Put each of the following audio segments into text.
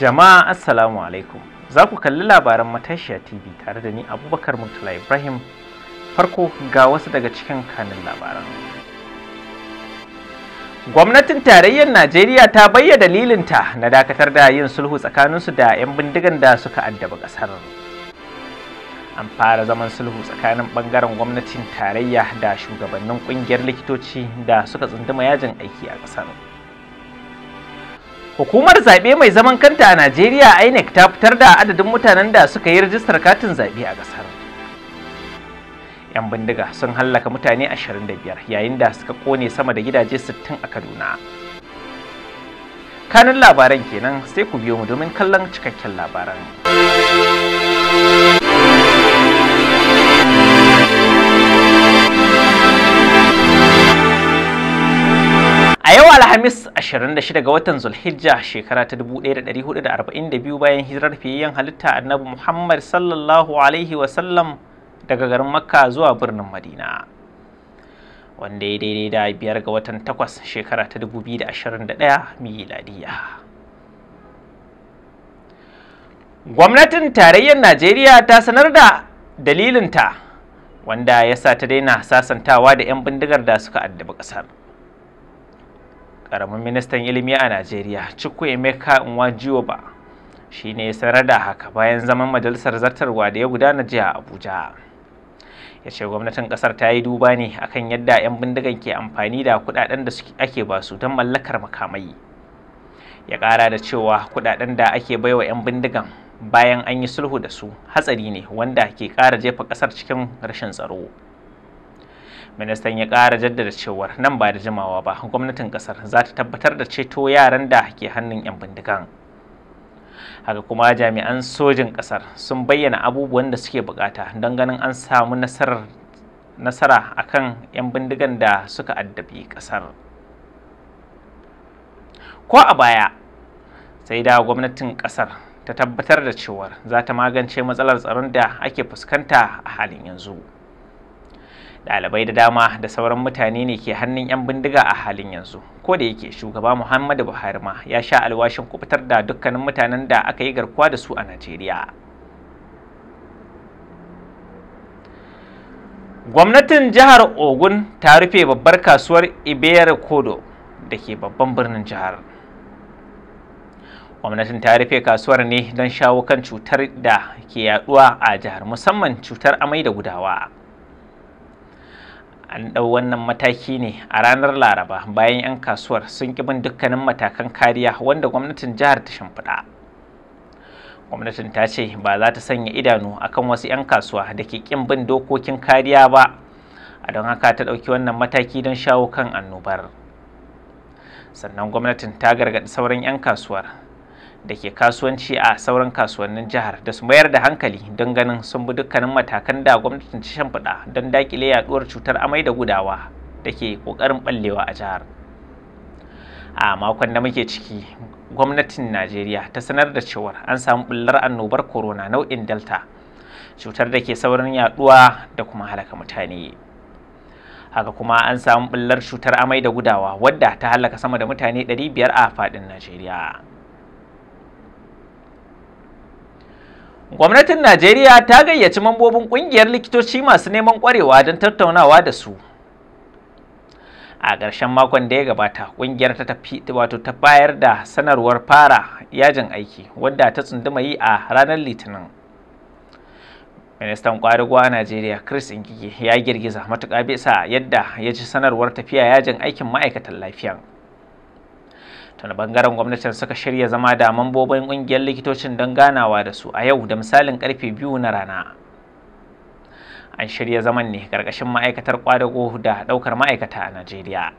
Jama'a Assalamu alaikum. Za ku kalli labaran Matashiya TV tare da ni Abubakar Murtala Ibrahim. Farko ga wasu daga cikin kanin labaran. Gwamnatin tarayyar Najeriya ta bayyana dalilinta na dakatar da yin sulhu tsakaninsu da 'yan bindigan da suka addaba ƙasar. An fara zaman sulhu tsakanin ɓangaren gwamnatin tarayya da shugabannin ƙungiyar likitoci da suka tsunduma yajin aiki a ƙasar. Hukumar zaɓe mai zaman kanta a Najeriya INEC ta fitar da adadin mutanen da suka yi rajistar katin zaɓe a ƙasar. 'Yan bindiga sun hallaka mutane 25 yayin da suka ƙone sama da gidaje 60 a Kaduna. Kanin labaran kenan sai ku biyo mu domin kallon cikakken labaran. Alhamis 26 ga watan Zulhijja shekara ta 1442 bayan hijirar fiyayyen halitta Annabi Muhammad sallallahu alaihi wasallam daga garin Makka zuwa birnin Madina. Wanda ya daidai da biyar ga watan takwas shekara ta 2021 miladiya. Gwamnatin tarayyar Najeriya ta sanar da dalilinta wanda ya sa ta daina sasantawa da 'yan bindigar da suka addaba ƙasar. karamin ministan ilimi a najeriya Emeka Nwajioba shi ne ya sanar da haka bayan zaman majalisar zartarwa da ya gudana jiya a abuja ya ce gwamnatin ƙasar ta yi duba ne akan yadda 'yan bindigan ke amfani da kuɗaɗen da ake basu don mallakar makamai ya ƙara da cewa kuɗaɗen da ake baiwa 'yan bindigan bayan an yi sulhu da su hatsari ne wanda ke ƙara jefa ƙasar cikin rashin tsaro ministan ya ƙara jaddada cewar nan ba da jimawa ba gwamnatin ƙasar za ta tabbatar da ceto yaran da ke hannun 'yan bindigan haka kuma jami'an sojin ƙasar sun bayyana abubuwan da suke bukata don ganin an samu nasara nasara kan 'yan bindigan da suka addabi ƙasar ko a baya sai da gwamnatin ƙasar ta tabbatar da cewar za ta magance matsalar tsaron da ake fuskanta a halin yanzu. Dalibai da dama da sauran mutane ne ke hannun 'yan bindiga a halin yanzu ko da yake shugaba muhammadu buhari ma ya sha alwashin kubutar da dukkanin mutanen da aka yi garkuwa da su a najeriya gwamnatin jihar ogun ta rufe babbar kasuwar ibeyar kodo da ke babban birnin jihar gwamnatin ta rufe kasuwar ne don shawo kan cutar da ke yaduwa a jihar musamman cutar amai da gudawa an ɗau wannan mataki ne a ranar laraba bayan 'yan kasuwar sun ƙi bin dukkanin matakan kariya wanda gwamnatin jihar ta shimfiɗa gwamnatin ta ce ba za ta sanya idanu akan wasu 'yan kasuwa da ke ƙin bin dokokin kariya ba a don haka ta ɗauki wannan mataki don shawo kan annobar sannan gwamnatin ta gargaɗi sauran 'yan kasuwar da ke kasuwanci a sauran kasuwannin jihar da su mayar da hankali don ganin sun bi dukkanin matakan da gwamnatin ta shimfiɗa don dakile yaɗuwar cutar amai da gudawa da ke ƙoƙarin ɓallewa a jihar a makon da muke ciki gwamnatin najeriya ta sanar da cewar an samu ɓullar annobar corona nau'in delta cutar da ke saurin yaɗuwa da kuma halaka mutane haka kuma an samu ɓullar cutar amai da gudawa wadda ta halaka sama da mutane 500 a faɗin najeriya Gwamnatin Najeriya ta gayyaci mambobin ƙungiyar likitoci masu neman ƙwarewa don tattaunawa da su. A ƙarshen makon da ya gabata, ƙungiyar ta tafi wato ta bayar da sanarwar fara yajin aiki wadda ta tsunduma yi a ranar Litinin. Ministan ƙwadago Najeriya Chris Ingige ya girgiza matuƙa bisa yadda ya ji sanarwar tafiya yajin aikin ma'aikatan lafiya. tana bangaren gwamnatin suka shirya zama da mambobin ƙungiyar likitocin don ganawa da su a yau da misalin karfe biyu na rana an shirya zaman ne ƙarƙashin ma'aikatar kwadago da ɗaukar ma'aikata a najeriya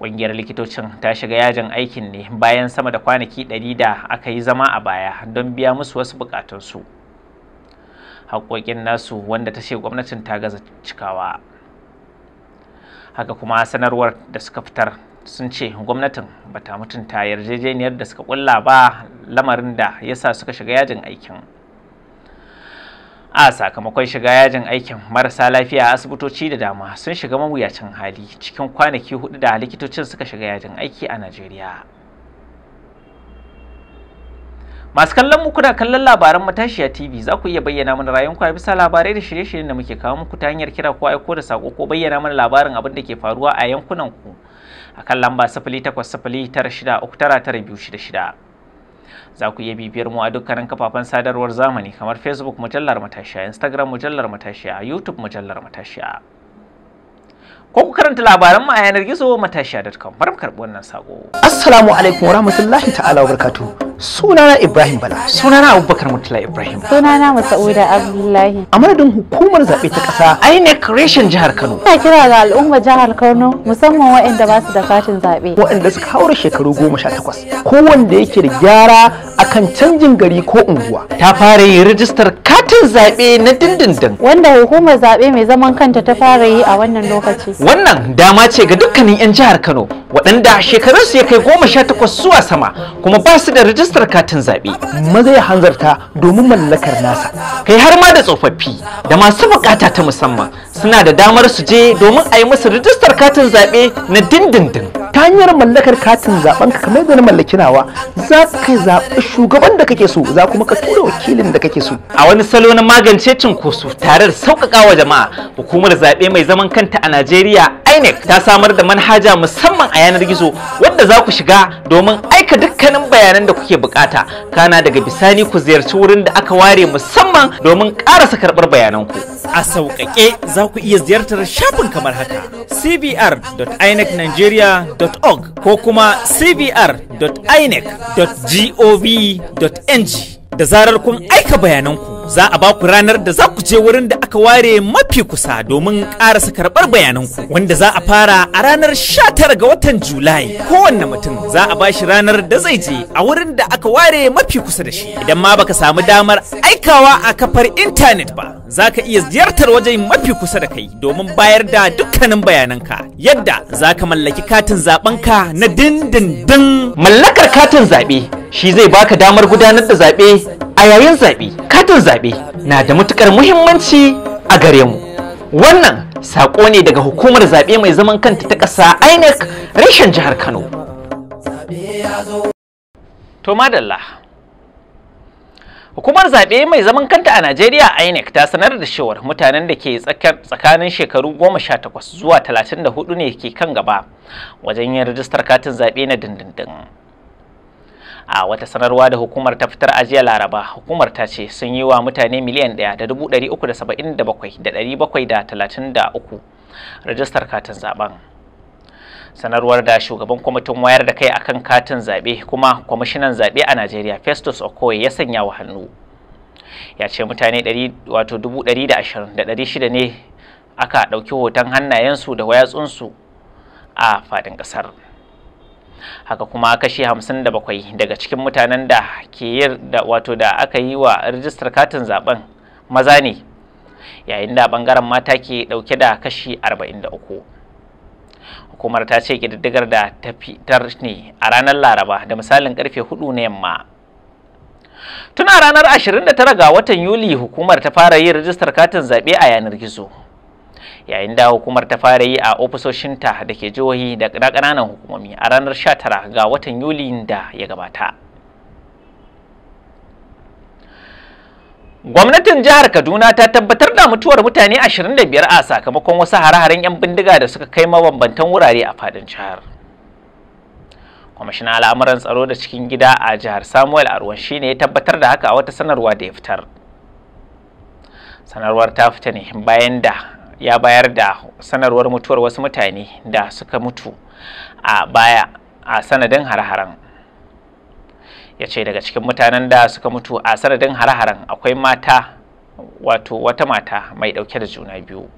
ƙungiyar likitocin ta shiga yajin aikin ne bayan sama da kwanaki ɗari da aka yi zama a baya don biya musu wasu buƙatunsu haƙoƙin nasu wanda ta ce gwamnatin ta gaza cikawa haka kuma sanarwar da suka fitar sun ce gwamnatin bata mutunta yarjejeniyar da suka kulla ba lamarin da yasa suka shiga yajin aikin a sakamakon shiga yajin aikin marasa lafiya asibitoci da dama sun shiga mawuyacin hali cikin kwanaki hudu da likitocin suka shiga yajin aiki a najeriya masu kallon mu kuna kallon labaran matashiya tv za ku iya bayyana mana rayuwanku a bisa labarai da shirye-shiryen da muke kawo muku ta hanyar kira ko aiko da sako ko bayyana mana labarin abin da ke faruwa a yankunan ku a kan lamba 0809639266 za ku iya bibiyar mu a dukkanin kafafen sadarwar zamani kamar facebook mujallar matashiya instagram mujallar matashiya youtube mujallar matashiya ko ku karanta labaran mu a yanar gizo matashiya.com bar mu karɓi wannan sako assalamu alaikum warahmatullahi ta'ala wabarakatuh sunana ibrahim bala sunana abubakar mutala ibrahim sunana Musauda abdullahi a madadin hukumar zaɓe ta ƙasa inec reshen jihar kano ina kira ga al'ummar jihar kano musamman waɗanda ba su da katin zaɓe waɗanda suka haura shekaru goma sha takwas ko wanda yake da gyara akan canjin gari ko unguwa ta fara yin rijistar katin zaɓe na dindindin wanda hukumar zaɓe mai zaman kanta ta fara yi a wannan lokaci wannan dama ce ga dukkanin 'yan jihar kano waɗanda shekarunsu ya kai goma sha takwas zuwa sama kuma ba su da rijistar katin zaɓe maza ya hanzarta domin mallakar nasa kai har ma da tsofaffi da masu bukata ta musamman suna da damar su je domin a yi musu rijistar katin zaɓe na dindindin ta hanyar mallakar katin zaben ka kamar yadda na mallaki nawa za ka zaɓi shugaban da kake so za kuma ka tura wakilin da kake so a wani salo na magance cinkoso tare da sauƙaƙa jama'a hukumar zaɓe mai zaman kanta a Najeriya INEC ta samar da manhaja musamman a yanar gizo wadda za ku shiga domin aika dukkanin bayanan da kuke bukata kana daga bisani ku ziyarci wurin da aka ware musamman domin karasa karbar bayananku a sauƙaƙe za ku iya ziyartar shafin kamar haka cbr.inecnigeria.org ko kuma cbr.inec.gov.ng da zarar kun aika bayananku za a ba ku ranar da za ku je wurin da aka ware mafi kusa domin karasa karɓar bayananku wanda za a fara a ranar 19 ga watan Julai. Kowanne mutum za a ba shi ranar da zai je a wurin da aka ware mafi kusa da shi. Idan ma baka samu damar aikawa a kafar intanet ba, za ka iya ziyartar wajen mafi kusa da kai domin bayar da dukkanin bayananka. Yadda za ka mallaki katin zaɓenka na dindindin. Mallakar katin zaɓe shi zai baka damar gudanar da zaɓe a yayin zaɓe katin zaɓe na da matukar muhimmanci a gare mu wannan saƙo ne daga hukumar zaɓe mai zaman kanta ta ƙasa inec reshen jihar kano to madalla Hukumar zaɓe mai zaman kanta a Najeriya INEC ta sanar da cewar mutanen da ke tsakanin shekaru 18 zuwa 34 ne ke kan gaba wajen yin rijistar katin zaɓe na dindindin. a wata sanarwa da hukumar ta fitar a jiya laraba hukumar ta ce sun yi wa mutane miliyan ɗaya da dubu ɗari uku da saba'in da bakwai da ɗari bakwai da talatin da uku rajistar katin zaben sanarwar da shugaban kwamitin wayar da kai akan katin zaɓe kuma kwamishinan zaɓe a najeriya festus okoye ya sanya wa hannu ya ce mutane wato dubu da ashirin ne aka ɗauki hoton hannayensu da wayatsunsu a faɗin ƙasar haka kuma kashi 57 daga cikin mutanen da ke yi da wato da aka yi wa rijistar katin zaben maza ne yayin da bangaren mata ke dauke da kashi 43 hukumar ta ce ƙididdigar da ta fitar ne a ranar laraba da misalin karfe 4 na yamma tuna ranar 29 ga watan yuli hukumar ta fara yin rijistar katin zaɓe a yanar gizo yayin da hukumar ta fara yi a ofisoshinta da ke jihohi da ƙananan hukumomi a ranar 19 ga watan yuli da ya gabata gwamnatin jihar kaduna ta tabbatar da mutuwar mutane 25 a sakamakon wasu hare-haren 'yan bindiga da suka kai mabambantan wurare a fadin jihar kwamishinan al'amuran tsaro da cikin gida a jihar samuel arwan ne ya tabbatar da haka a wata sanarwa da ya fitar sanarwar ta fita ne bayan da ya bayar da sanarwar mutuwar wasu mutane da suka mutu a baya a sanadin har-haren ya ce daga cikin mutanen da suka mutu a sanadin har-haren akwai mata wato wata mata mai ɗauke da juna biyu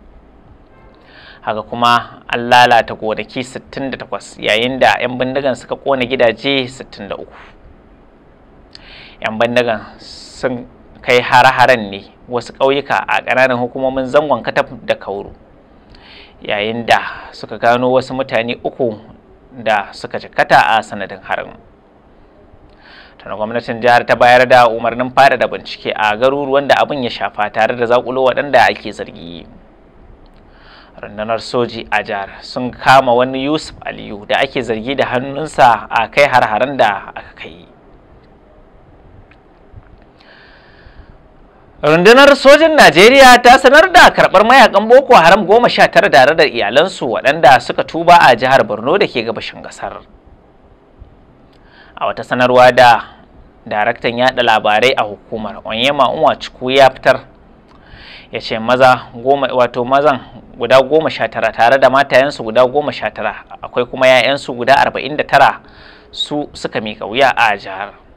haka kuma an lalata gonaki 68 yayin da 'yan bindigan suka kona gidaje 63 'yan bindigan sun kai hare-haren ne wasu ƙauyuka a ƙananan hukumomin zangon katab da kauru yayin da suka gano wasu mutane uku da suka jikata a sanadin harin tana gwamnatin jihar ta bayar da umarnin fara da bincike a garuruwan da abin ya shafa tare da zaƙulo waɗanda ake zargi rundunar soji a jihar sun kama wani yusuf aliyu da ake zargi da hannunsa a kai har-haren da aka kai rundunar sojin najeriya ta sanar da karbar mayakan boko haram goma sha tara tare da iyalansu waɗanda suka tuba a jihar borno da ke gabashin ƙasar a wata sanarwa da daraktan yada labarai a hukumar onyema unwachuku ya fitar ya ce maza goma wato mazan guda goma sha tara tare da matayensu guda goma sha tara akwai kuma 'ya'yansu guda arba'in da tara su suka miƙa wuya a jihar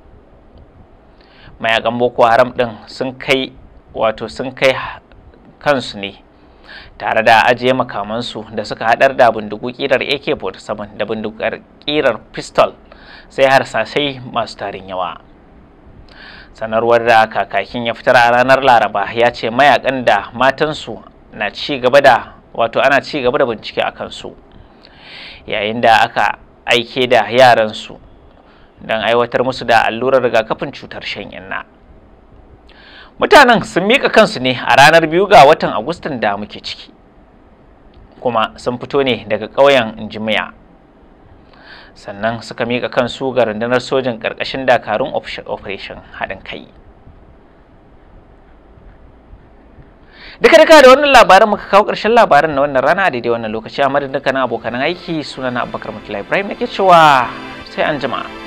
mayakan boko haram din sun kai wato sun kai kansu ne tare da ajiye makamansu da suka hadar da bindigu kirar ak-47 da bindigar kirar pistol sai harsashai masu tarin yawa sanarwar da kakakin ya fitar a ranar laraba ya ce mayakan da matansu na ci gaba da wato ana ci gaba da bincike a kansu yayin da aka aike da yaransu don aiwatar musu da allurar rigakafin cutar shan inna mutanen sun mika kansu ne a ranar biyu ga watan agustan da muke ciki kuma sun fito ne daga ƙauyen jimiya sannan suka mika kansu ga rundunar sojin ƙarƙashin dakarun operation haɗin kai duka duka da wannan labarin muka kawo ƙarshen labarin na wannan rana daidai wannan lokaci a madadin dukkanin abokanan aiki sunana abubakar mutulai ibrahim nake cewa sai an jama'a